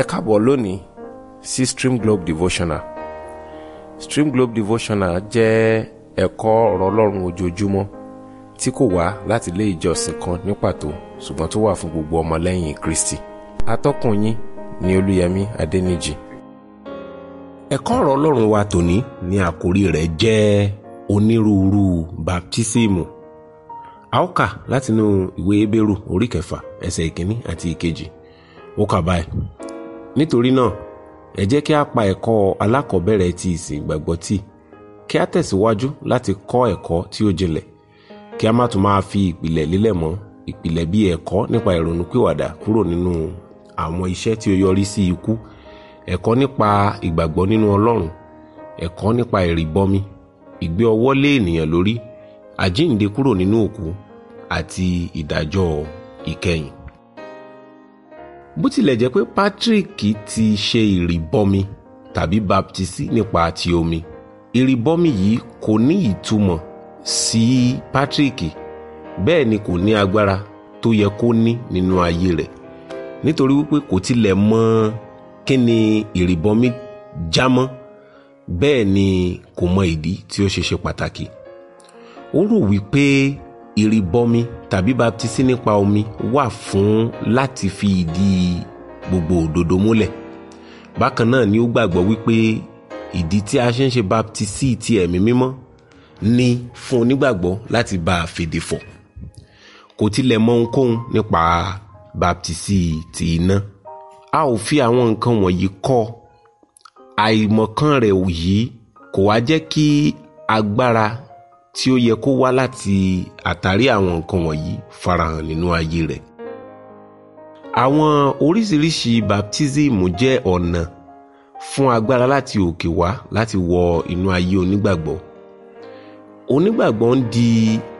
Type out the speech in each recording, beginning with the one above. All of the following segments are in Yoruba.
ẹ káàbọ̀ lónìí sí Stream Globe Devotional Stream Globe Devotional jẹ́ ẹ̀kọ́ ọ̀rọ̀ ọlọ́run ojoojúmọ́ tí kò wá láti ilé ìjọsìn kan ní pàtó ṣùgbọ́n tó wà fún gbogbo ọmọlẹ́yìn Kristi atọ́kùn yín ni Olúyẹmí Adẹ́nìjì ẹ̀kọ́ ọ̀rọ̀ ọlọ́run wa tòní ni àkórí rẹ̀ jẹ́ onírúurú baptísímù a ó kà látinú ìwé ebéèrú orí kẹfà ẹsẹ̀ ìkíní àti ìkejì ó kà báyìí nítorí náà ẹ jẹ́ kí a pa ẹ̀kọ́ alákọ̀ọ́bẹ̀rẹ̀ ti ìsìn ìgbàgbọ́ tì kí a tẹ̀síwájú láti kọ́ ẹ̀kọ́ tí ó jinlẹ̀ kí a má tún máa fi ìpìlẹ̀ lélẹ̀ mọ́ ìpìlẹ̀ bíi ẹ̀kọ́ nípa ìrònúpìwàdà kúrò nínú àwọn iṣẹ́ tí ó yọrí sí ikú ẹ̀kọ́ nípa ìgbàgbọ́ nínú Ọlọ́run ẹ̀kọ́ nípa ìrìbọmi ìgbé ọwọ́ lé ènìyàn lórí àjíǹde kúrò nínú òkú àti ìdájọ́ ìkẹyìn bó tilẹ̀ jẹ́ pé Patrick ti ṣe ìrìbọmi tàbí baptisi nípa ti omi ìrìbọmi yìí kò ní ìtumọ̀ sí si Patrick bẹ́ẹ̀ ni kò ní agbára tó yẹ kó ní nínú ayé rẹ̀ nítorí wípé kò tilẹ̀ mọ kí ni ìrìbọmi jámọ́ bẹ́ẹ̀ ni kò mọ ìdí tí ó ṣe ṣe pàtàkì ó rò wípé ìrìbọmi tàbí baptisi nípa omi wà fún láti fi ìdí gbogbo òdodo múlẹ̀ bákan náà ni ó gbàgbọ́ wípé ìdí tí a ṣe ń ṣe baptisi ti ẹ̀mí mímọ́ ni fún onígbàgbọ́ láti bá a fèdè fọ̀ kò tilẹ̀ mọ ohunkóhun nípa baptisi ti iná a ò fi àwọn nǹkan wọ̀nyí kọ́ àìmọ̀kan rẹ̀ yìí kò wá jẹ́ kí agbára tí ó yẹ kó wá láti àtàrí àwọn nǹkan wọ̀nyí farahàn nínú ayé rẹ̀. àwọn oríṣiríṣi baptism jẹ́ ọ̀nà fún agbára láti òkè wá láti wọ inú ayé onígbàgbọ́ onígbàgbọ́ ń di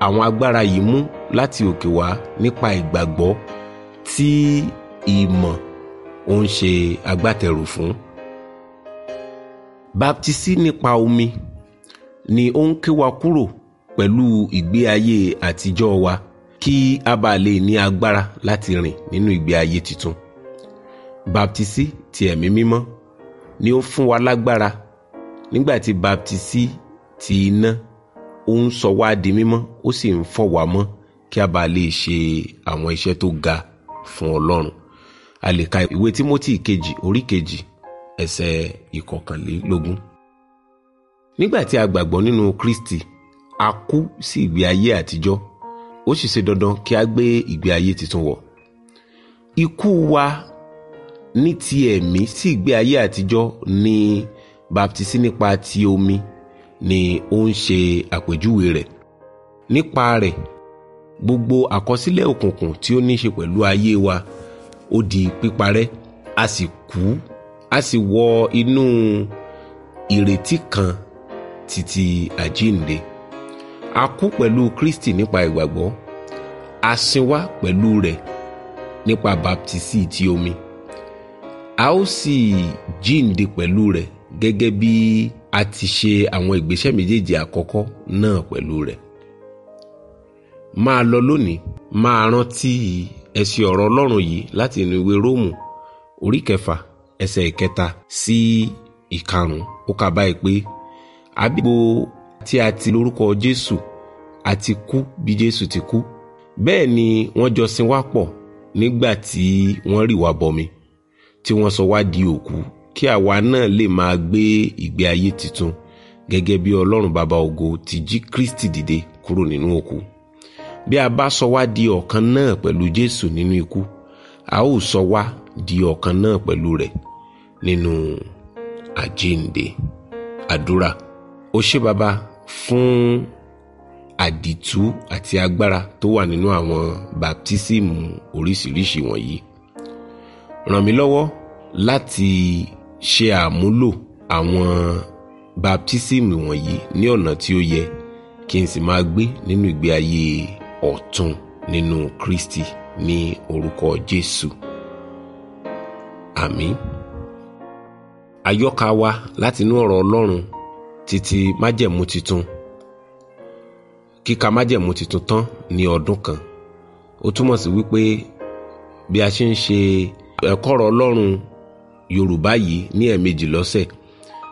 àwọn agbára yìí mú láti òkè wá nípa ìgbàgbọ́ tí ìmọ̀ ó ń ṣe agbátẹrù fún baptisi nípa omi ni ó ń ké wa kúrò pẹ̀lú ìgbé ayé àtijọ́ wa kí a bá lè ní agbára láti rìn nínú ìgbé ayé tuntun baptisi ti ẹ̀mí mímọ́ ni ó fún wa lágbára nígbà tí baptisi ti iná ó ń sọ wá di mímọ́ ó sì ń fọ̀ wá mọ́ kí a bá lè ṣe àwọn iṣẹ́ tó ga fún ọlọ́run a lè ka ìwé timothy kejì orí kejì ẹsẹ̀ ìkọkànlélógún nígbà tí a gbàgbọ́ nínú kristi a kú sí ìgbé ayé àtijọ́ ó sì ṣe dandan kí a gbé ìgbé ayé tuntun wọ̀ ikú wa ní ti ẹ̀mí sí ìgbé ayé àtijọ́ ni baptisi nípa ti omi ni ó ń ṣe àpèjúwe rẹ̀ nípa rẹ̀ gbogbo àkọsílẹ̀ òkùnkùn tí ó ní í ṣe pẹ̀lú ayé wa ó di píparẹ́ a sì kú a sì wọ inú ìrètí kan títí àjíǹde a kú pẹ̀lú Kristi nípa ìgbàgbọ́ a sin wá pẹ̀lú rẹ̀ nípa baptisi ti omi a ó sì jíǹde pẹ̀lú rẹ̀ gẹ́gẹ́ bí a ti ṣe àwọn ìgbésẹ̀ méjèèjì àkọ́kọ́ náà pẹ̀lú rẹ̀ máa lọ lónìí máa rántí ẹsẹ̀ ọ̀rọ̀ Ọlọ́run yìí láti inú ìwé Róòmù orí kẹfà ẹsẹ̀ ìkẹta sí ìkarùn-ún ó kà báyìí pé àbí gbogbo tí a ti lórúkọ Jésù àti kú bí Jésù ti kú bẹ́ẹ̀ ni wọ́n jọ sin wá pọ̀ nígbà tí wọ́n rì wá bọmi tí wọ́n sọ wá di òkú kí àwa náà lè máa gbé ìgbé ayé tuntun gẹ́gẹ́ bí Ọlọ́run bàbá ògo ti jí Kristi dìde kúrò nínú òkú bí a bá sọ wá di ọ̀kan náà pẹ̀lú Jésù nínú ikú a ó sọ wá di ọ̀kan náà pẹ̀lú rẹ̀ nínú àjíǹde àdúrà ó ṣé bàbá fún àdìtú àti agbára tó wà nínú àwọn baptisímù oríṣiríṣi wọ̀nyí ràn mí lọ́wọ́ láti ṣe àmúlò àwọn baptisímù wọ̀nyí ní ọ̀nà tí ó yẹ kí n sì máa gbé nínú ìgbé ayé ọ̀tun nínú Kristi ní orúkọ Jésù àmín àyọkà wa látinú ọ̀rọ̀ Ọlọ́run Titi májẹ̀mú titun kíka májẹ̀mú titun tán ní ọdún kan ó túmọ̀ sí wípé bí a ṣe ń ṣe ẹ̀kọ́rọ̀ ọlọ́run yorùbá yìí ní ẹ̀ẹ̀mejì lọ́sẹ̀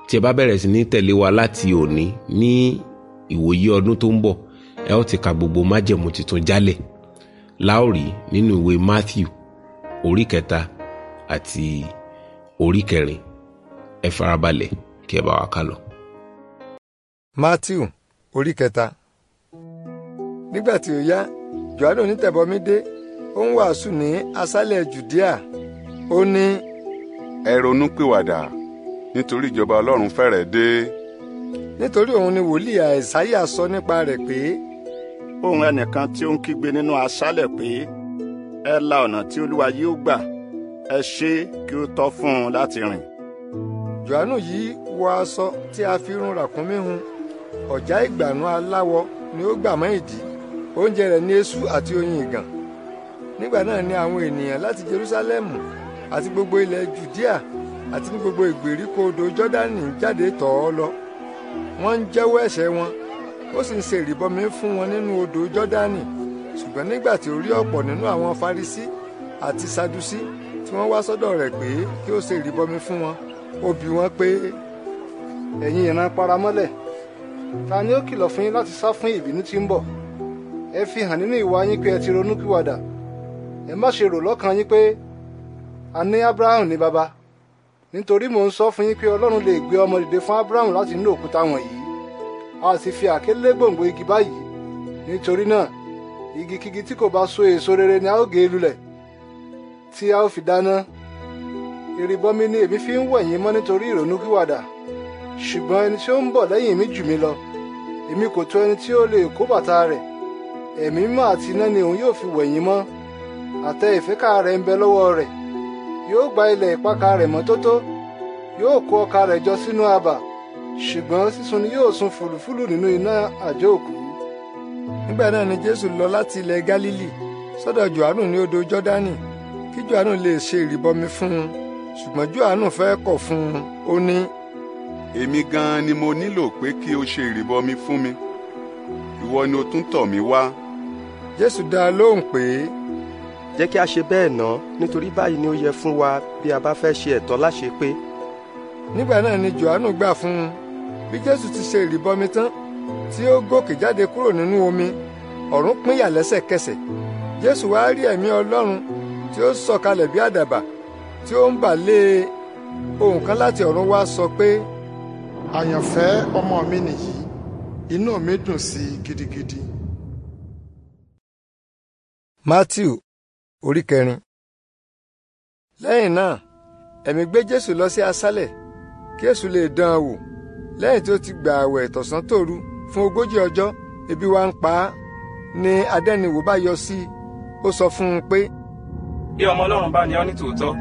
tí ẹ bá bẹ̀rẹ̀ sí ní tẹ̀lé wa láti òní ní ìwòye ọdún tó ń bọ̀ ẹ ó ti ka gbogbo májẹ̀mú titun jálẹ̀ láòrí nínú ìwé Matthew orí kẹta àti orí kẹrin ẹ farabalẹ̀ kí ẹ bá wa ká lọ matthew orí kẹta. nígbà tí ó yá johannu onítẹ̀bọmi dé ó ń wàásù ní asálẹ̀ judea ó ní. ẹ ronú pìwàdà nítorí ìjọba ọlọ́run fẹ́rẹ̀ dé. nítorí òun ni wòlíì àìsáyà sọ nípa rẹ̀ pé. ohùn ẹnìkan tí ó ń kígbe nínú asálẹ̀ pé ẹ la ọ̀nà tí olúwa yóò gbà ẹ ṣe kí ó tọ́ fún un láti rìn. johannu yìí wọ aṣọ tí a fi rún ràkúnmí hun ọ̀já ìgbànú aláwọ ni ó gbà mọ́ ìdí oúnjẹ rẹ̀ ni eṣú àti oyin ìgàn nígbà náà ni àwọn ènìyàn láti Jerúsálẹ́mù àti gbogbo ilẹ̀ Jùdíà àti ní gbogbo ìgbèríko odò Jọ́dánì jáde tọ̀ ọ́ lọ wọ́n ń jẹ́wọ́ ẹ̀ṣẹ̀ wọn ó sì ń ṣe ìrìbọmi fún wọn nínú odò Jọ́dánì ṣùgbọ́n nígbà tí ó rí ọ̀pọ̀ nínú àwọn Farisí àti Sadusí tí wọ́n wá sọ́dọ̀ rẹ̀ pé kí ó ṣe ìrìbọmi fún wọn ó bi wọ́n pé ẹ̀yin ìran paramọ́lẹ̀ ta ni ó kìlọ̀ fún yín láti sá fún ìbínú tí ń bọ̀ ẹ fi hàn nínú ìwà yín pé ẹ ti ronúpìwàdà ẹ má ṣe rò lọ́kàn yín pé a ní abraham ní baba nítorí mò ń sọ fún yín pé ọlọ́run lè gbé ọmọ dìde fún abraham láti inú òkúta wọ̀nyí a sì fi àkélé gbòǹgbò igi báyìí nítorí náà igikígi tí kò bá so èso rere ni a ó gé e lulẹ̀ tí a ó fi dáná ìrìbọmi ni èmi fi ń wẹ̀yìn mọ́ nítorí ìrònúpìwàdà ṣùgbọ́n ẹni tí ó ń bọ̀ lẹ́yìn mi jù mí lọ èmi kò tó ẹni tí ó lè kó bàtà rẹ̀ ẹ̀mí mímọ́ àti iná ni òun yóò fi wẹ̀ yín mọ́ àtẹ ìfẹ́kà rẹ̀ ń bẹ lọ́wọ́ rẹ̀ yóò gba ilẹ̀ ìpakà rẹ̀ mọ́tótó yóò kó ọkà rẹ̀ jọ sínú abà ṣùgbọ́n sísun ni yóò sun fùlùfùlù nínú iná àjò òkú. nígbà náà ni jésù lọ láti ilẹ̀ gálílì sọ́dọ̀ jòhánù ní odò jọ́dánì kí jòhánù lè ṣe ìrìbọmi fún un ṣùgbọ́n jòhánù fẹ́ kọ̀ fún un ó ní èmi gan-an ni mo nílò pé kí o ṣe ìrìbọmi fún mi ìwọ ni o tún tọ̀ mí wá. jésù dá a lóhùn pé jẹ́ kí a ṣe bẹ́ẹ̀ ná nítorí báyìí ni ó yẹ fún wa bí a bá fẹ́ ṣe ẹ̀tọ́ láṣẹ pé. nígbà náà ni johannu gbà fún un bí jésù ti ṣe ìrìbọmi tán tí ó gòkè jáde kúrò nínú omi ọ̀run pínyà lẹ́sẹ̀kẹsẹ̀ jésù wá rí ẹ̀mí ọlọ́run tí ó sọ̀kalẹ̀ bí àdàbà tí ó ń bà lé e kan láti ọ̀run wá sọ pé àyànfẹ́ ọmọ mi nìyí inú mi dùn sí i gidigidi. matthew orí kẹrin. lẹ́yìn náà ẹ̀mí gbé jésù lọ sí asálẹ̀ kí èṣù lè dán an wò lẹ́yìn tí ó ti gba àwẹ̀ tọ̀sán tòru fún ogójì ọjọ́ ebi wá ń pa á ni adẹ́niwò bá yọ sí i ó sọ fún un pé. bí ọmọ ọlọ́run bá ní ọ ní tòótọ́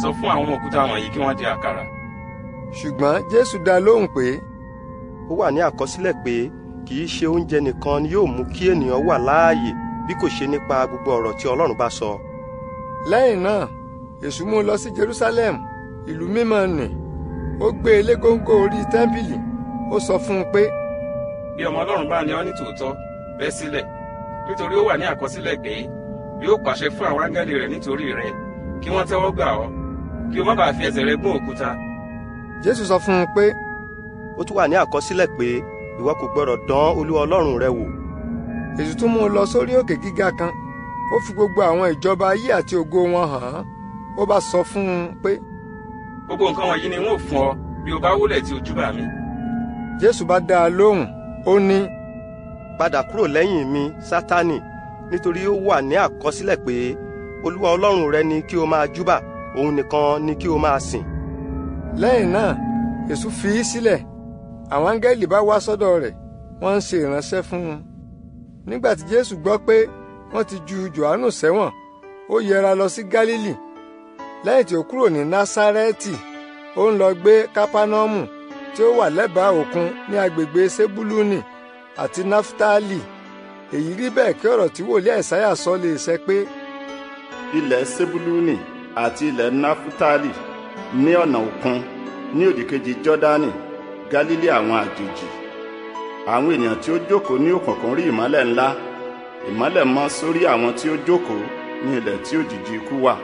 sọ fún àwọn òkúta wọ̀nyí kí wọ́n di àkàrà ṣùgbọ́n jésù dá lóhùn pé ó wà ní àkọsílẹ̀ pé kì í ṣe oúnjẹ nìkan ni yóò mú kí ènìyàn wà láàyè bí kò ṣe nípa gbogbo ọ̀rọ̀ tí ọlọ́run bá sọ. lẹ́yìn náà èṣù mú un lọ sí jerusalem ìlú mímọ́ nì ó gbé e lé góńgó orí tẹ́ḿpìlì ó sọ fún un pé. bí ọmọ ọlọ́run bá ní ọ ní tòótọ́ bẹ́ sílẹ̀ nítorí ó wà ní àkọsílẹ̀ pé yóò pàṣẹ fún àwọn áńgẹ́lì rẹ̀ nítorí rẹ̀ kí wọ́n tẹ́wọ́ gbà ọ́ kí o má bàa fi ẹsẹ̀ rẹ gún òkúta jésù sọ fún un pé. ó tún wà ní àkọsílẹ̀ pé ìwọ kò gbọ́dọ̀ dán olúwa ọlọ́run rẹ wò. èṣù tún mú un lọ sórí òkè gíga kan ó fi gbogbo àwọn ìjọba ayé àti ògo wọn hàn án ó bá sọ fún un pé. gbogbo nǹkan wọ̀nyí ni n ó fún ọ bí o bá wólẹ̀ tí ojúbà mi. jésù bá dá a lóhùn ó ní. padà kúrò lẹ́yìn mi sátánì nítorí ó wà ní àkọsílẹ̀ pé olúwa ọlọ́run rẹ ni kí o máa júbà òun nìkan ni kí o máa sìn lẹ́yìn náà èṣù fi í sílẹ̀ àwọn áńgẹ́lì bá wá sọ́dọ̀ rẹ̀ wọ́n ń ṣe ìránṣẹ́ fún un nígbà tí jésù gbọ́ pé wọ́n ti ju jòhánù sẹ́wọ̀n ó yẹra lọ sí galili. lẹ́yìn tí ó kúrò ní násárẹ́tì ó ń lọ gbé kápánọ́ọ̀mù tí ó wà lẹ́bàá òkun ní agbègbè sébúlúnì àti náfítálì èyí rí bẹ́ẹ̀ kí ọ̀rọ̀ tí wòlíì àìsáyà sọ lè ṣẹ pé. ilẹ̀ sébúlúnì àti ilẹ̀ náfítálì ní ọ̀nà òkun ní òdìkejì jọ́dánì gálílì àwọn àjèjì àwọn ènìyàn tí ó jókòó ní òkùnkùn rí ìmọ́lẹ̀ ńlá ìmọ́lẹ̀ mọ́ sórí àwọn tí ó jókòó ní ilẹ̀ tí òjìji ikú wà.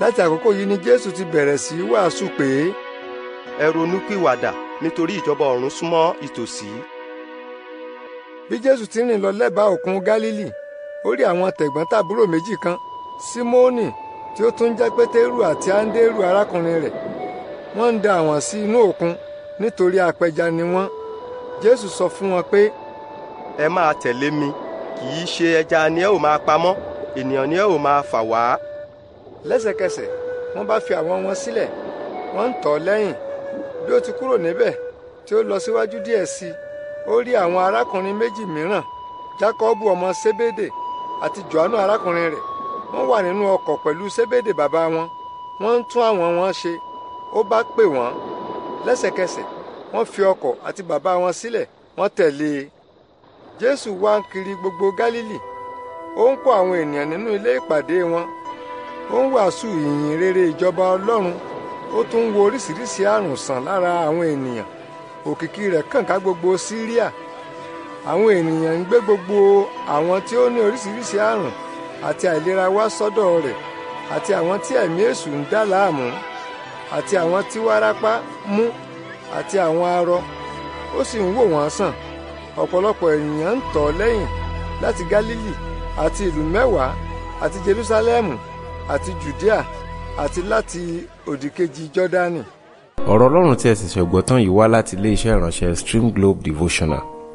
láti àkókò yìí ni jésù ti bẹ̀rẹ̀ sí wàásù pé ẹ ronúpìwàdà nítorí ìjọba ọ̀run súnmọ́ ìtòsí. bí jésù ti rìn lọ lẹ́bàá òkun gálílì ó rí àwọn tẹ̀gbọ́n tàbúrò méjì kan símónì tí ó tún jẹ́ pétérù àti áńdérù arákùnrin rẹ̀ wọ́n ń da àwọn sí inú òkun nítorí apẹja ni wọ́n jésù sọ fún wọn pé. ẹ máa tẹ̀lé mi kì í ṣe ẹja ni ẹ ò máa pamọ́ ènìyàn ni ẹ ò máa fà wá. lẹ́sẹ̀kẹsẹ̀ wọ́n bá fi àwọn wọn sílẹ̀ wọ́n ń tọ̀ lẹ́yìn bí ó ti kúrò níbẹ̀ tí ó lọ síwájú díẹ̀ sí i ó rí àwọn arákùnrin méjì mìíràn jákọ́bù ọmọ sébédè àti jòhánù arákùnrin rẹ̀ wọ́n wà nínú ọkọ̀ pẹ̀lú sébédè bàbá wọn wọ́n ń tún àwọn wọn ṣe ó bá pè wọ́n lẹ́sẹ̀kẹsẹ̀ wọ́n fi ọkọ̀ àti bàbá wọn sílẹ̀ wọ́n tẹ̀lé e jésù wá ń kiri gbogbo gálílì ó ń kọ́ àwọn ènìyàn nínú ilé ìpàdé wọn ó ń wàásù ìyìn rere ìjọba ọlọ́run ó tún ń wo oríṣiríṣi àrùn sàn lára àwọn ènìyàn òkìkí rẹ̀ kàn ká gbogbo síríà àwọn ènìyàn ń gbé gbogbo àwọn tí ó ní oríṣiríṣi àrùn àti àìlera wá sọ́dọ̀ rẹ̀ àti àwọn tí ẹ̀mí èṣù ń dá láàmú àti àwọn tí wárápá mú àti àwọn arọ ó sì ń wò wọ́n sàn ọ̀pọ̀lọpọ̀ ènìyàn ń tọ̀ lẹ́yìn láti Gálílì àti ìlú mẹ́wàá àti Jerúsálẹ́mù àti Jùdíà àti láti òdìkejì Jọ́dánì. ọ̀rọ̀ Ọlọ́run tí ẹ sì ṣẹ̀gbọ́n tán yìí wá láti iléeṣẹ́ ìránṣẹ́ Stream Globe Devotional